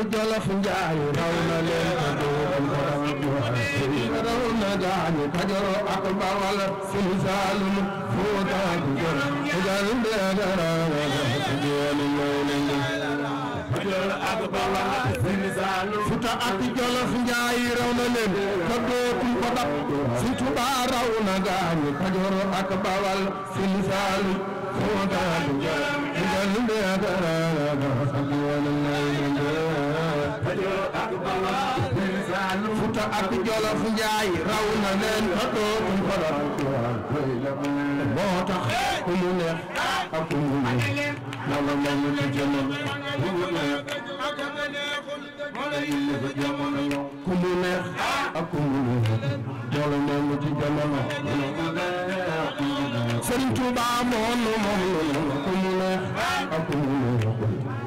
ku jolof njaay raw na leen ka doobu borom juhaay raw na gaañu kajoro ak bawal sil saalum fuuta ku jor gal beena rawa ku jeelu yoolenge kajoro ak bawal sil saalum fuuta ak jolof njaay raw na leen ka doobu borom si tubaa raw na gaañu kajoro ak bawal sil saalum fuuta ku jor gal beena rawa Fuuta ak Jolof Njaay raw na leen fa dootu faral moo tax ku mu neex ak ku mu neex wala moom la jëloon ku mu neex ku mu neex ak ku mu neex wala moom la ci jamono Sëriñ Tuubaa moom moom ku mu neex ak ku mu neex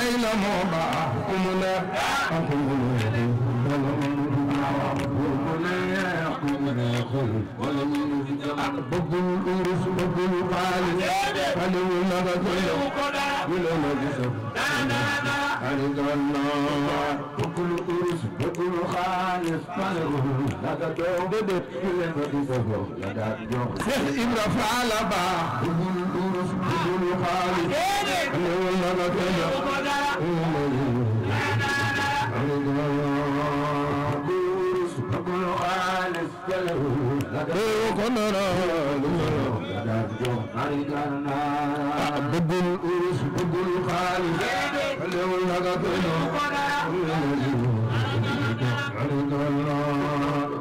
أين موضعهم لا بض الأرس بض القال فلو نبذل ولو نجسف حرد النار بكل أرس بكل خالص فلو نبذل بدت فلسف لدى إبرا فعل با بض الأرس بض الخالص فلو نبذل déewoo ko nara bëggul urus bëggul xaalis léewul naga kono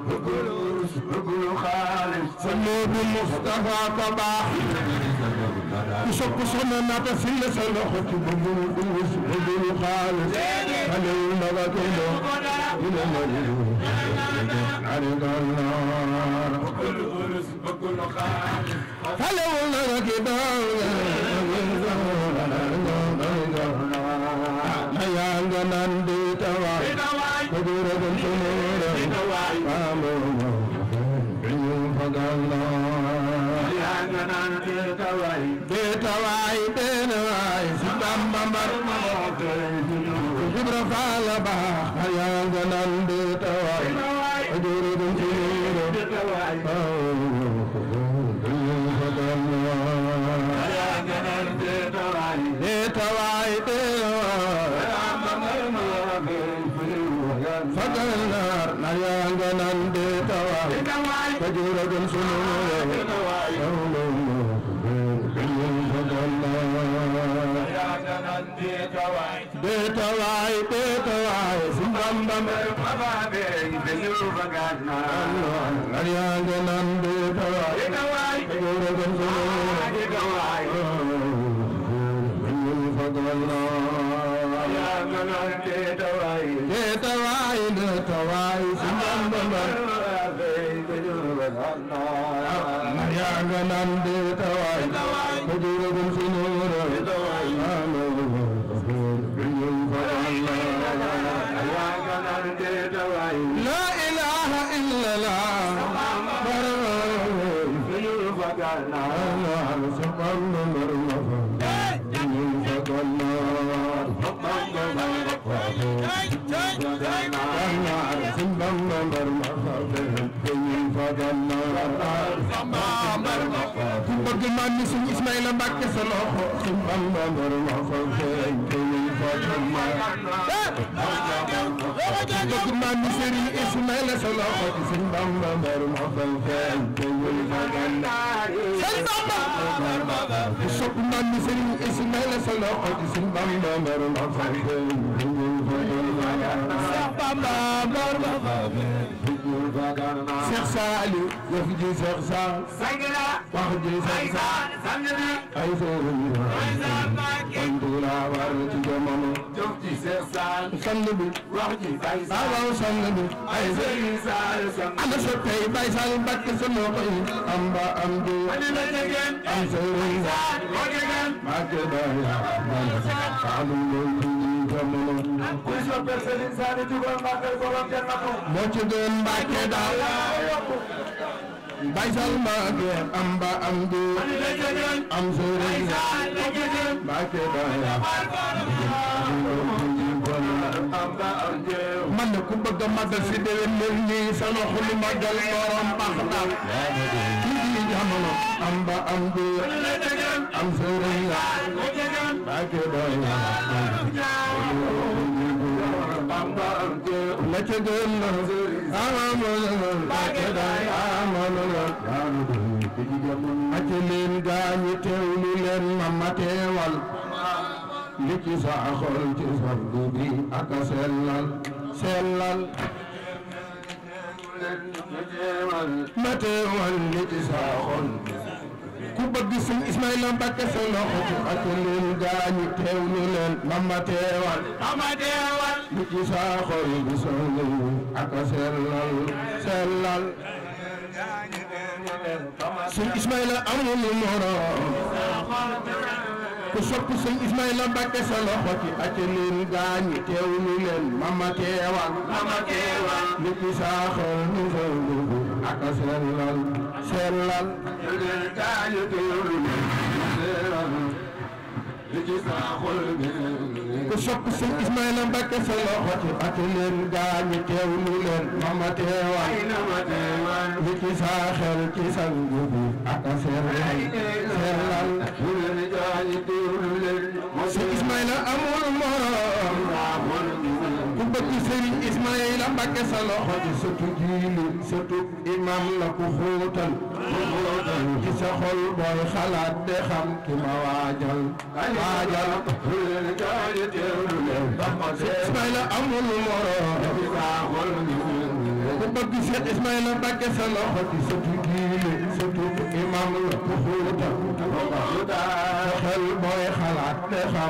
bëggul urus bëggul xaalis sa noobu Mustafa ka baax ku sopp soxna naata silla sa loxo ci bëggul urus bëggul xaalis léewul naga kono dollar. Ariana الله يا من أتيت وعيد أتيت وعيد توعيد سنجم بمن يا من أتيت وعيد عمر مفاتن كين فدنا عمر مفاتن بغ مان ني سيغ اسماعيل مباك سلوخو عمر مفاتن كين فدنا بغ مان ني سيري اسماعيل سلوخو سين عمر مفاتن كين فدنا سين عمر مفاتن بغ مان ني سيري اسماعيل سلوخو سين عمر مفاتن bamba bamba bugul bagana Cheikh Saliou wax ji Cheikh Saliou sangla wax ji Cheikh Saliou sangla ay sooyira ay sambake ndula war ci jamono jox ci Cheikh Saliou sangla wax ji Baye Saliou sangla ay Cheikh Saliou sangla ana so tay Baye Saliou Mbacké sama koy amba am di ana tegen am sooyira ko tegen ma ke ba ya ma moo ci doon Mbàkke daal Baysal Mbàkke am ba am du am sori Mbàkke daal man ne ku bëgg a màggal si déwén mbir nii sa loxo lu màggal borom baax daal kii di jamono am ba am du am sori Mbàkke daal Bakkedullah amamallah bakkeday amamallah ak leen gaañu teewlu leen mama teewal li ci sa xol ci sabdu bi ak sellal sellal ma teewal li ci sa xol ku bëgg suñ Ismaïla Mbàkke sa loxo bu xasalil gaañu teewlu leen mama teewal mama teewal lu ci saaxo yi di songu ak a sellal sellal suñ Ismaïla amul lu moroom ku sopp suñ Ismaïla Mbàkke sa loxo ci xasalil gaañu teewlu leen mama teewal mama teewal lu ci saaxo yi di songu ak a sellal sellal yu dee kaañu teewlu seeral li ci saa xol bi ku sopp sëñ Ismaïla Mbacke sa loxo ci at leen gaañu teewlu leen ma ma teewaan li ci saa xel ci sangu bi ak sellal sellal yu dee kaañu teewlu leen sëñ Ismaïla amoon moo Serigne Ismaïla Mbacke sa loxo di sëtu jiili sëtu imam la ku xóotal ku xóotal ci sa xol booy xalaat de xam ki ma waajal waajal Ismaïla amul moroom ku bëgg Cheikh Ismaïla Mbacke sa loxo di sëtu jiili sëtu imamul xuuta xuuta xel mooy xalaat te a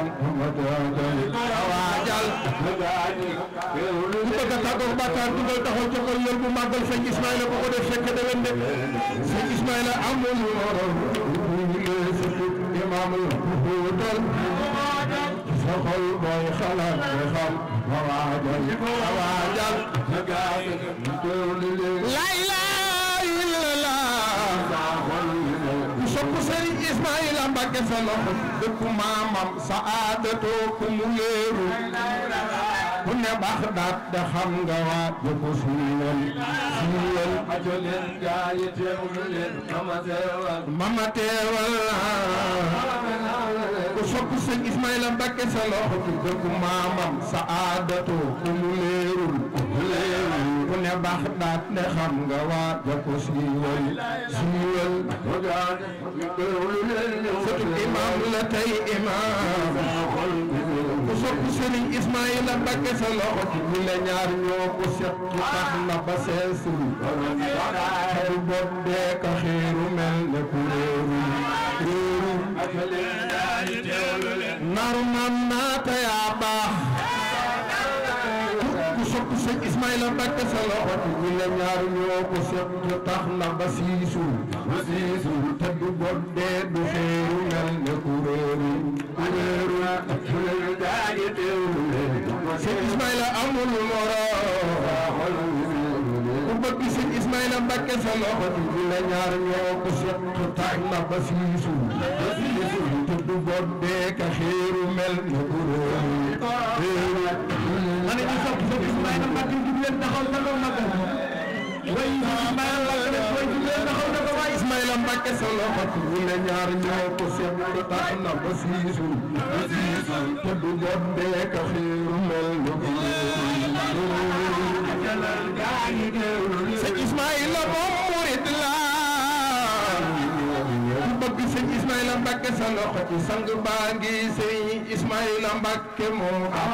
tàggoog de sëñ Ismaïla Mbacké sa loxo dëkku maamam sa ku mu wéeru bu ne baax daat da xam nga waat bu ko suulal suulal ajo yi teewlu leen mama teewal mama sa loxo dëkku maamam sa ku mu leerul ne baxdaat a xam nga waa jokko siiwal siiwal la tey imaam ku ci ñi ñaar ñoo ko seq tax na ba seesul xel bopp dee ka xéeru mel ne ku réeru réeru naru man naa tayaa la Mbàkke sa loxo ñi la ñaar ñoo ko seq te tax na ba siisul ba siisul te du boddee du xeeru mel ne kuréeru kuréeru kuréeru daaje teewlu Sëñ Ismaïla amul moroom ku bëgg Sëñ Ismaïla Mbàkke sa loxo ñi la ñaar ñoo ko seq te tax na ba siisul ba siisul te du boddee ka xeeru mel ne kuréeru Ismaïla Mbacké jugleen taxaw na ko magal way Ismaïla Mbacké def way jugleen taxaw na ko way Ismaïla Mbacké sa loxo tuubu la ñaar ñoo ko seq ba tax na ba siisul ba siisul te du jot beek a xiiru mel na ko sëñ Ismaïla moom murit la ku bëgg sëñ Ismaïla Mbacké sa loxo ci sang baa ngi sëñ Ismaïla Mbacké moo ak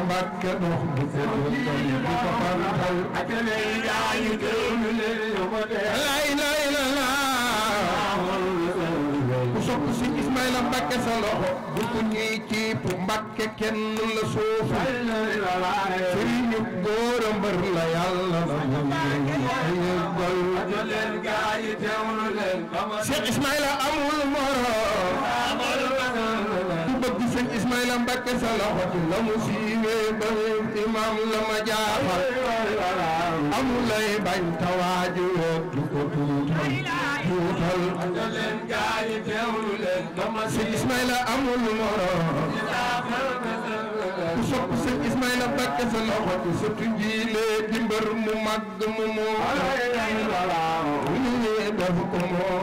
Mbàkke dox bu sedd di ko fantal atale yaa ñu déglu ku sopp si bu ko ñuy ciip Mbàkke kenn góor a mbër la yàlla la Cheikh Ismaïla amul moroom sëñ Ismaïla Mbacke sa loxo la mu siiwee ba imam la ma jaaxal amulay bañ tawaaju du ko tuutal tuutal leen gaayi teewlu leen sëñ Ismaïla amul moroom ku sopp sëñ Ismaïla Mbacke sa loxo ci sëtu jiilee di mbër mu màgg mu moo ñu def ko moo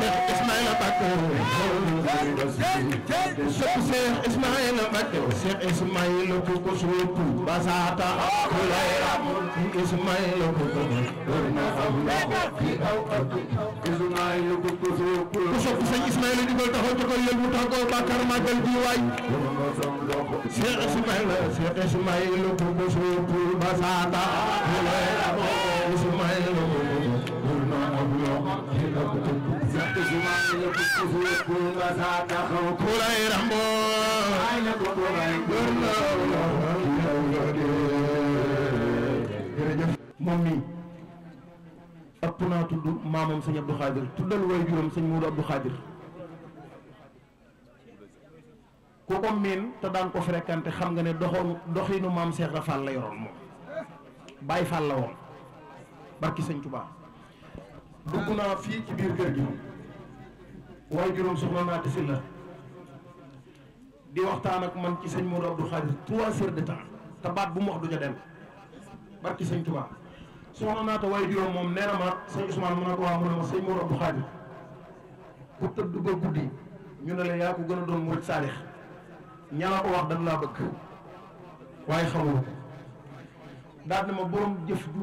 Cheikh Ismaïla Mbacké Cheikh Cheikh Ismaïla Mbacké Cheikh Ismaïla ko ko sotu basata kulayra Ismaïla ko ko dorna Allah fi awqat Ismaïla ko ko sotu ko sotu Cheikh Ismaïla di ko taxaw ci ko yëngu taxaw Bakar Magal bi waay Cheikh Ismaïla Cheikh Ismaïla ko ko sotu basata kulayra Ismaïla moom mi ëpp naa tudd maamam sëñ Abdou Khadir tuddal way juróom sëñ Moudou Abdou Khadir ku ko miin te daan ko fréquenté xam nga ne doxoon doxinu maam Cheikh Rafal la yoroon moom Baye Fall la woon barki sëñ Touba dugg naa fii ci biir kër gi waaye juróom soxna Naata Sylla di waxtaan ak man ci sëñ Modou Abdou Khadir trois heures de temps te bu mu wax du ca dem barki sëñ Touba soxna Naata waaye juróom moom nee ma sëñ Ousmane mu ne ko waa mu ne ma sëñ Modou Abdou Khadir ku tëdd ba guddi ñu ne la yaa ko gën a doon murit saalix ña la ko wax dañ laa bëgg waaye xamul daal ne ma borom jëf ju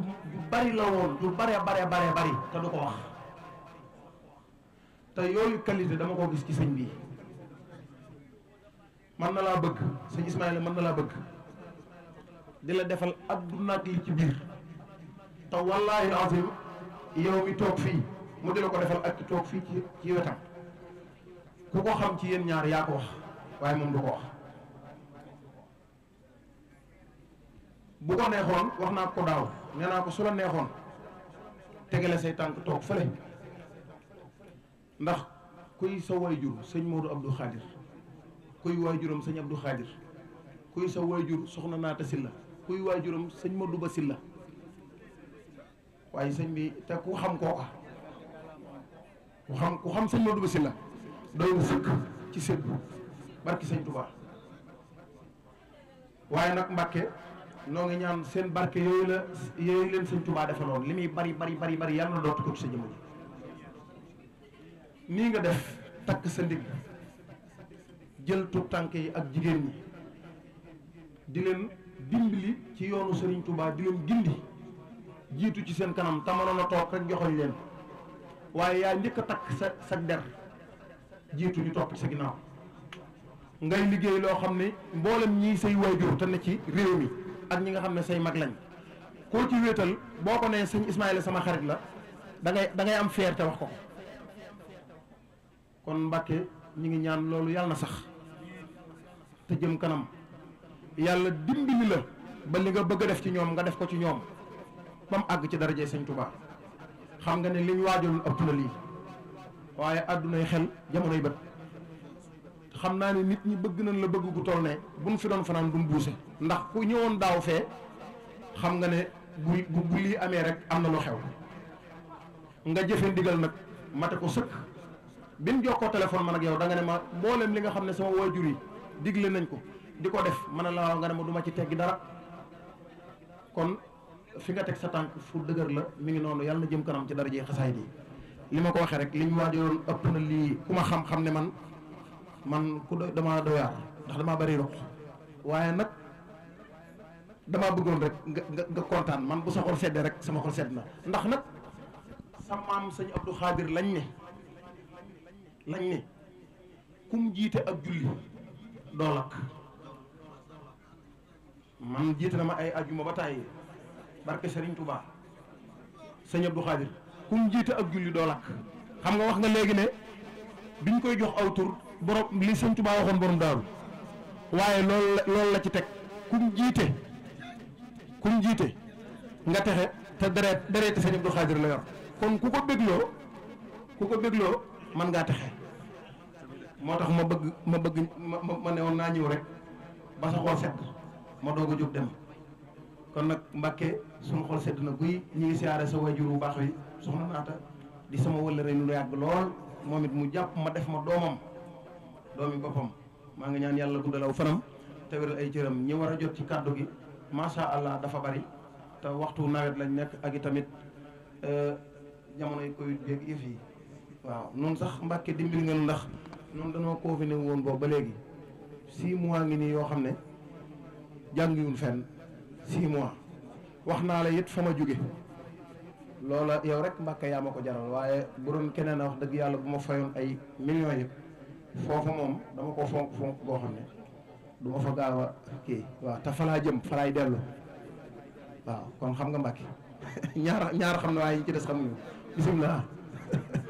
bari la woon ju bare bare bare bari te du ko wax. te yooyu qualité dama ko gis ci sëñ bi man na laa bëgg sëñ Ismaïla man na laa bëgg di la defal adduna ak li ci biir te wallaahi azim yow mi toog fii mu di la ko defal ak toog fii ci ci wetam ku ko xam ci yéen ñaar yaa ko wax waaye moom du ko wax bu ko neexoon wax naa ko daaw nee naa ko su la neexoon tegale say tànk toog fale ndax kuy sa waajur sëñ moo Abdou Khadir kuy waajuram sëñ Abdou Khadir kuy sa waajur soxna Naata Silla kuy waajuram sëñ Modou Ba Silla waaye sëñ bi te ku xam ko ku xam ku xam sëñ Modou Ba Silla doy na sëkk ci séddu barki sëñ Touba waaye nag Mbàkke noo ngi ñaan seen barke yooyu la yooyu leen sëñ Touba defaloon li muy bari bari bari bari yàlla na dootu ko sa jëmm nii nga def takk sa ndigg jël tuut tànk yi ak jigéen ñi di leen dimbali ci yoonu Serigne Touba di leen gindi jiitu ci seen kanam tamanoon a toog rek joxoñ leen waaye yaa njëkk a takk sa sa der jiitu ñu topp ci sa ginnaaw ngay liggéey loo xam ne mboolem ñi say waajur te ne ci réew mi ak ñi nga xam ne say mag lañ koo ci wéetal boo ko nee sëñ Ismaïla sama xarit la dangay dangay da ngay am fierté wax ko ko kon Mbàkke ñu ngi ñaan loolu yàlla na sax te jëm kanam yàlla dimbali la ba li nga bëgg a def ci ñoom nga def ko ci ñoom ba mu àgg ci darajee Sëñ Tuubaa xam nga ne liñ waajaloon ëpp na lii waaye àddunay xel jamonoy bët xam naa ne nit ñi bëgg nañ la bëgg gu toll ne mu fi doon fanaan duñ buuse ndax ku ñëwoon daaw fee xam nga ne bu bu lii amee rek am na lu xew nga jëfe ndigal nag mate ko sëkk bi jox jokkoo téléphone man ak yow da nga ne ma mboolem li nga xam ne sama waajur yi digle nañ ko di ko def man la nga ne ma duma ci teggi dara kon fi nga teg sa tànk fu dëgër la mi ngi noonu yàlla na jëm kanam ci dara ji xasaay bi li ma ko waxee rek li ñu waajaloon ëpp na lii ku ma xam-xam ne man man ku dama doyaar ndax damaa bari roq waaye nag damaa bëggoon rek nga nga kontaan man bu sa xol seddee rek sama xol sedd na ndax nag sa maam sëñ Abdou Khadir lañ ne. lañ ne kum jiite ak julli doo lakk man jiite na ma ay ajjuma ba tàyyi barke Serigne Touba sëñ Abdou Khadir kum jiite ak julli doo lakk xam nga wax nga léegi ne biñ koy jox aw tur borom li sëñ Touba waxoon borom daaru waaye loolu la loolu la ci teg kum jiite kum jiite nga texe te deret dereti sëñ Abdou Khadir la yor kon ku ko bégloo ku ko bégloo man ngaa texe moo tax ma bëgg ma bëgg ma ma ne woon naa ñëw rek ba sa xool sedd ma doog a jóg dem kon nag Mbàkke suñu xool sedd na guy ñi ngi siyaare sa wajur bu baax wi soxna naata di sama wëllëre nu yàgg lool moom it mu jàpp ma def ma doomam doomi boppam maa ngi ñaan yàlla guddalaw fanam te wéral ay cëram ñi war a jot ci kàddu gi macha allah dafa bari te waxtu nawet lañ nekk ak i tamit euh, jamonoy Covid beeg yëf yi waaw noonu sax mbàkke dimbali ngeen ndax noonu dañoo confiné woon boobu ba léegi six mois ngi nii yoo xam ne jàngiwul fen six mois wax naa la it fa ma jóge loola yow rek mbàkke yaa ma ko jaral waaye bu doon keneen a wax dëgg yàlla bu ma fayoon ay millions yëpp foofu moom dama ko fonk fonk goo xam ne du ma fa gaaw a kii waaw te falaa jëm falaay dellu waaw kon xam nga mbàkke ñaar ñaar xam ne waaye ñu ci des xamuñu bisimilah